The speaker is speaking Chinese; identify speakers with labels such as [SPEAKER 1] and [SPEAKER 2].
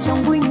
[SPEAKER 1] 将归